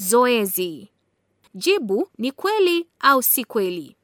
Zoezi: jibu ni kweli au si kweli.